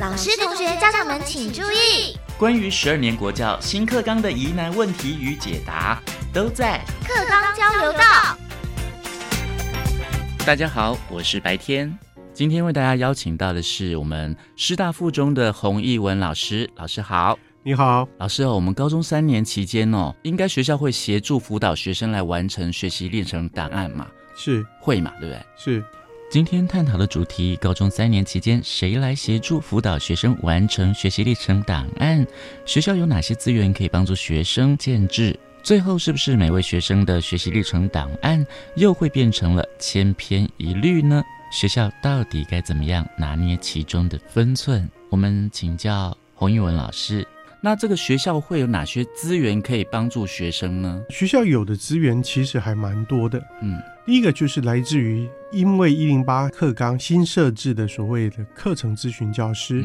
老師、同學、家長們請注意，關於十二年國教新課綱的疑難問題與解答，都在課綱交流道。大家好，我是白天，今天為大家邀請到的是我們師大附中的洪逸文老師。老師好，你好，老師哦，我們高中三年期間哦，應該學校會協助輔導學生來完成學習歷程檔案嘛？是，會嘛，對不對？是。今天探討的主題：高中三年期間，誰來協助輔導學生完成學習歷程檔案？學校有哪些資源可以幫助學生建置？最後，是不是每位學生的學習歷程檔案又會變成了千篇一律呢？學校到底該怎麼樣拿捏其中的分寸？我們請教洪逸文老師。那這個學校會有哪些資源可以幫助學生呢？學校有的資源其實還蠻多的，嗯。第一個就是來自於因為一零八課綱新設置的所謂的課程諮詢教師，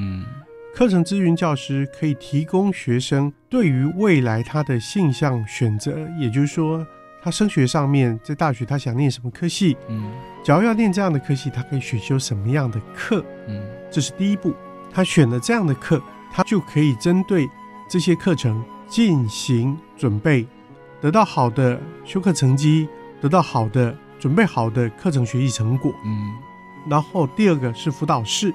課程諮詢教師可以提供學生對於未來他的性向選擇，也就是說他升學上面在大學他想念什麼科系，嗯，只要要念這樣的科系，他可以選修什麼樣的課，嗯，這是第一步，他選了這樣的課，他就可以針對這些課程進行準備，得到好的修課成績，得到好的。準備好的課程學習成果，嗯，然後第二個是輔導室，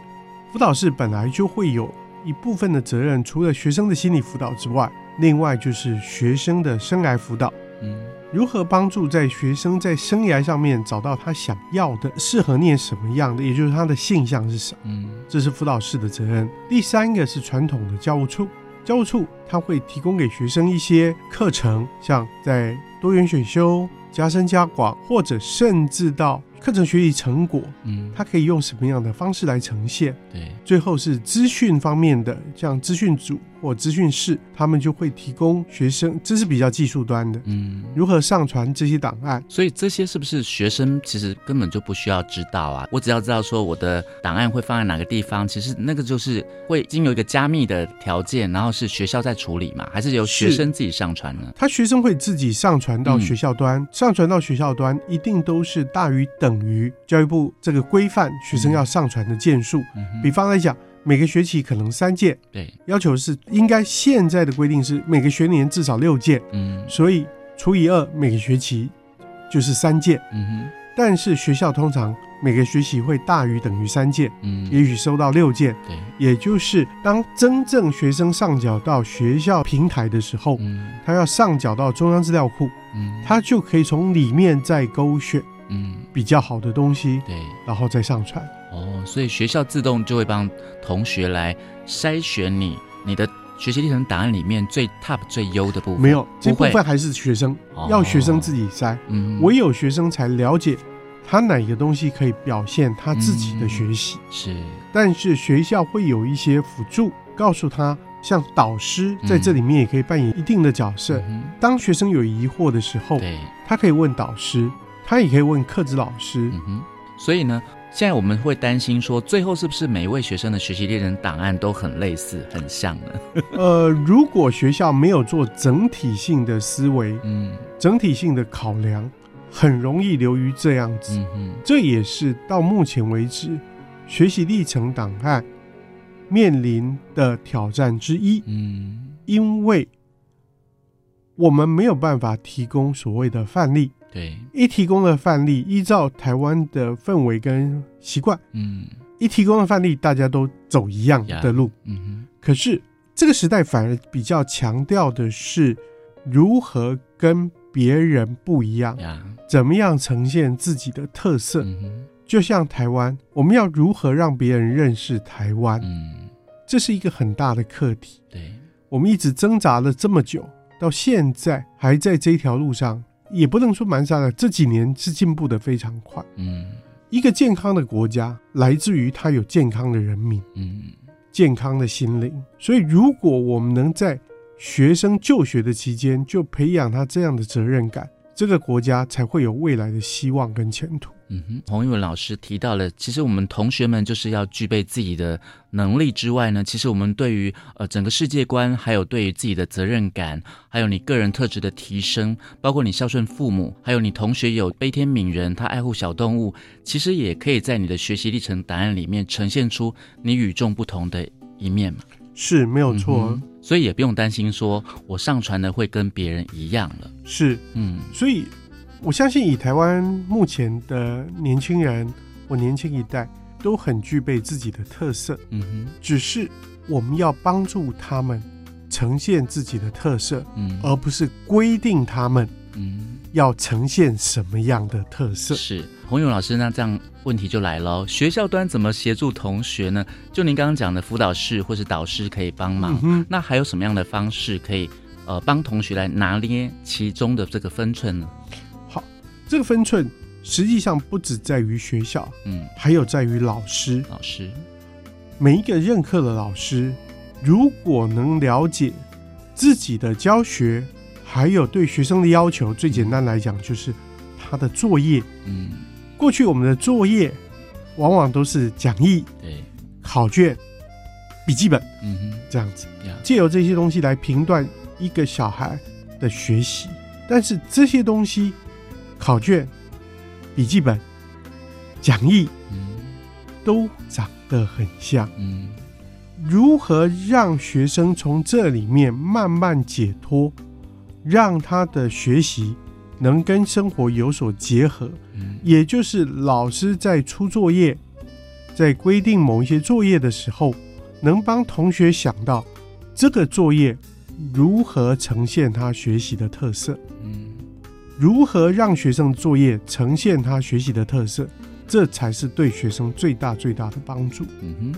輔導室本來就會有一部分的責任，除了學生的心理輔導之外，另外就是學生的生涯輔導，嗯，如何幫助在學生在生涯上面找到他想要的，適合念什麼樣的，也就是他的性向是什麼，嗯，這是輔導室的責任。第三個是傳統的教務處，教務處他會提供給學生一些課程，像在多元選修。加深加廣，或者甚至到課程學習成果，嗯，它可以用什麼樣的方式來呈現？對，最後是資訊方面的，像資訊組。或資訊室，他們就會提供學生，這是比較技術端的，嗯，如何上傳這些檔案。嗯，所以這些是不是學生其實根本就不需要知道啊？我只要知道說我的檔案會放在哪個地方，其實那個就是會經由有一個加密的條件，然後是學校在處理嘛，還是由學生自己上傳呢？他學生會自己上傳到學校端，嗯、上傳到學校端一定都是大於等於教育部這個規範學生要上傳的件數。嗯嗯、比方來講。每個學期可能三件，對，要求是應該現在的規定是每個學年至少六件，嗯，所以除以二，每個學期就是三件，嗯哼，但是學校通常每個學期會大於等於三件，嗯，也許收到六件，對，也就是當真正學生上繳到學校平台的時候，嗯，他要上繳到中央資料庫，嗯，他就可以從裡面再勾選，嗯，比較好的東西，嗯、對，然後再上傳，哦。所以學校自動就會幫同學來篩選你你的學習歷程檔案裡面最 top 最優的部分。沒有，這部分還是學生會要學生自己篩。哦、嗯，唯有學生才了解他哪個東西可以表現他自己的學習。嗯、是。但是學校會有一些輔助，告訴他，像導師在這裡面也可以扮演一定的角色。嗯、當學生有疑惑的時候，對、嗯，嗯、他可以問導師，他也可以問課子老師。嗯哼、嗯。所以呢？現在我們會擔心說，最後是不是每一位學生的學習歷程檔案都很類似、很像呢？呃，如果學校沒有做整體性的思維，嗯，整體性的考量，很容易流於這樣子。嗯哼，這也是到目前為止學習歷程檔案面臨的挑戰之一。嗯，因為我們沒有辦法提供所謂的範例。對，一提供的範例，依照台灣的氛圍跟習慣，嗯，一提供的範例，大家都走一樣的路，嗯，嗯哼。可是這個時代反而比較強調的是如何跟別人不一樣，嗯、怎麼樣呈現自己的特色。嗯、哼就像台灣，我們要如何讓別人認識台灣？嗯，這是一個很大的課題。對，我們一直掙扎了這麼久，到現在還在這條路上。也不能說蠻差的，這幾年是進步的非常快。嗯，一個健康的國家，來自於它有健康的人民，嗯，健康的心靈。所以，如果我們能在學生就學的期間就培養他這樣的責任感，這個國家才會有未來的希望跟前途。嗯哼，洪一文老師提到了，其實我們同學們就是要具備自己的能力之外呢，其實我們對於呃整個世界觀，還有對於自己的責任感，還有你個人特質的提升，包括你孝順父母，還有你同學有悲天憫人，他愛護小動物，其實也可以在你的學習歷程答案裡面呈現出你與眾不同的一面嘛。是，沒有錯，啊嗯。所以也不用擔心說我上傳的會跟別人一樣了。是，嗯，所以。我相信以台灣目前的年輕人，或年輕一代都很具備自己的特色。嗯哼，只是我們要幫助他們呈現自己的特色，嗯、哼而不是規定他們嗯要呈現什麼樣的特色。是，洪勇老師，那這樣問題就來了、哦，學校端怎麼協助同學呢？就您剛剛講的輔導室或是導師可以幫忙。嗯哼，那還有什麼樣的方式可以呃幫同學來拿捏其中的這個分寸呢？這個分寸實際上不止在於學校，嗯，還有在於老師。老師，每一個任課的老師，如果能了解自己的教學，還有對學生的要求，最簡單來講就是他的作業。嗯，過去我們的作業往往都是講義、對考卷、筆記本，嗯、哼這樣子，借 Yeah. 由這些東西來評斷一個小孩的學習，但是這些東西。考卷、筆記本、講義，都長得很像。如何讓學生從這裡面慢慢解脫，讓他的學習能跟生活有所結合？也就是老師在出作業，在規定某一些作業的時候，能幫同學想到這個作業如何呈現他學習的特色。如何讓學生作業呈現他學習的特色，這才是對學生最大最大的幫助。嗯哼，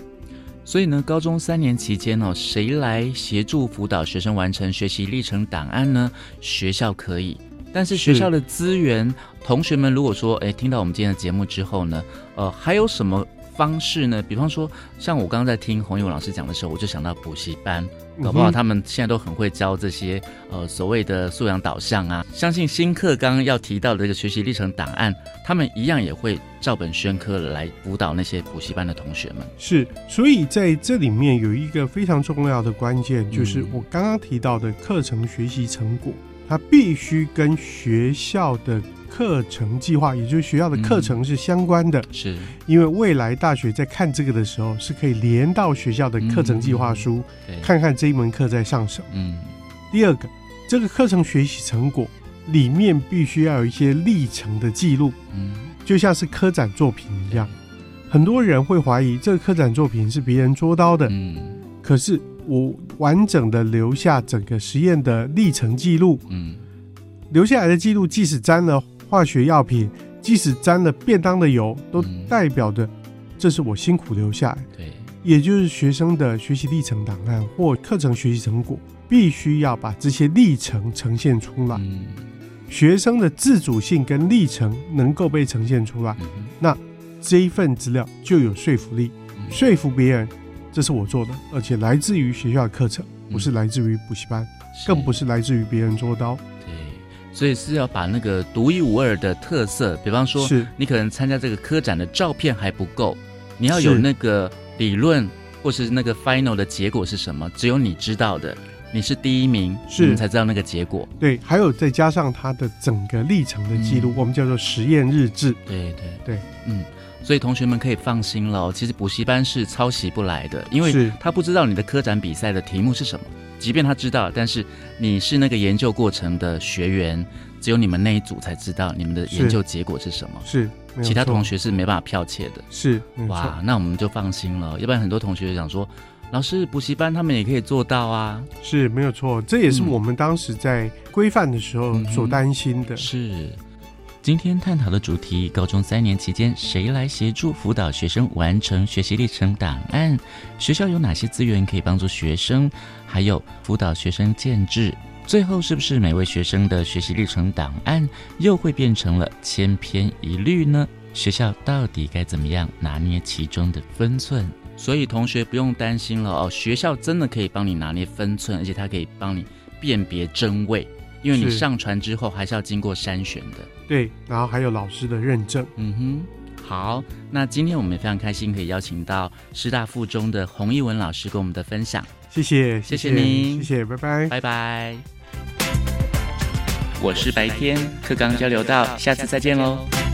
所以呢，高中三年期間哦，誰來協助輔導學生完成學習歷程檔案呢？學校可以，但是學校的資源，是同學們如果說，哎，聽到我們今天的節目之後呢，呃，還有什麼？方式呢？比方說，像我剛剛在聽洪逸文老師講的時候，我就想到補習班，搞不好他們現在都很會教這些呃所謂的素養導向啊。相信新課綱要提到的這個學習歷程檔案，他們一樣也會照本宣科來輔導那些補習班的同學們。是，所以在這裡面有一個非常重要的關鍵，就是我剛剛提到的課程學習成果。它必須跟學校的課程計劃，也就是學校的課程是相關的。嗯、是，因為未來大學在看這個的時候，是可以連到學校的課程計劃書，嗯嗯、看看這一門課在上什麼。嗯、第二個，這個課程學習成果裡面必須要有一些歷程的記錄。嗯。就像是科展作品一樣，嗯、很多人會懷疑這個科展作品是別人捉刀的。嗯。可是，我完整的留下整個實驗的歷程記錄，嗯，留下來的記錄即使沾了化學藥品，即使沾了便當的油，都代表著這是我辛苦留下來，對，也就是學生的學習歷程檔案或課程學習成果，必須要把這些歷程呈現出來。學生的自主性跟歷程能夠被呈現出來，那這一份資料就有說服力，說服別人。這是我做的，而且來自於學校的課程，不是來自於補習班，嗯、更不是來自於別人捉刀。對，所以是要把那個獨一無二的特色，比方說是你可能參加這個科展的照片還不夠，你要有那個理論，是或是那個 final 的結果是什麼，只有你知道的，你是第一名，是你們才知道那個結果。對，還有再加上它的整個歷程的記錄，嗯、我們叫做實驗日誌。對對對，對嗯。所以同學們可以放心了。其實補習班是抄襲不來的，因為他不知道你的科展比賽的題目是什麼。即便他知道，但是你是那個研究過程的學員，只有你們那一組才知道你們的研究結果是什麼。是，是其他同學是沒辦法剽竊的。是，哇，那我們就放心了。要不然很多同學就想說，老師補習班他們也可以做到啊？是，沒有錯。這也是我們當時在規範的時候所擔心的。嗯，是。今天探討的主題：高中三年期間，誰來協助輔導學生完成學習歷程檔案？學校有哪些資源可以幫助學生？還有輔導學生建置，最後是不是每位學生的學習歷程檔案又會變成了千篇一律呢？學校到底該怎麼樣拿捏其中的分寸？所以同學不用擔心了哦，學校真的可以幫你拿捏分寸，而且它可以幫你辨別真偽。因為你上傳之後，還是要經過篩選的。對，然後還有老師的認證。嗯哼，好，那今天我們也非常開心可以邀請到師大附中的洪逸文老師跟我們的分享。謝謝，謝謝，謝，謝您，謝謝，拜拜，拜拜 bye。我是白天課綱交流到，到下次再見嘍。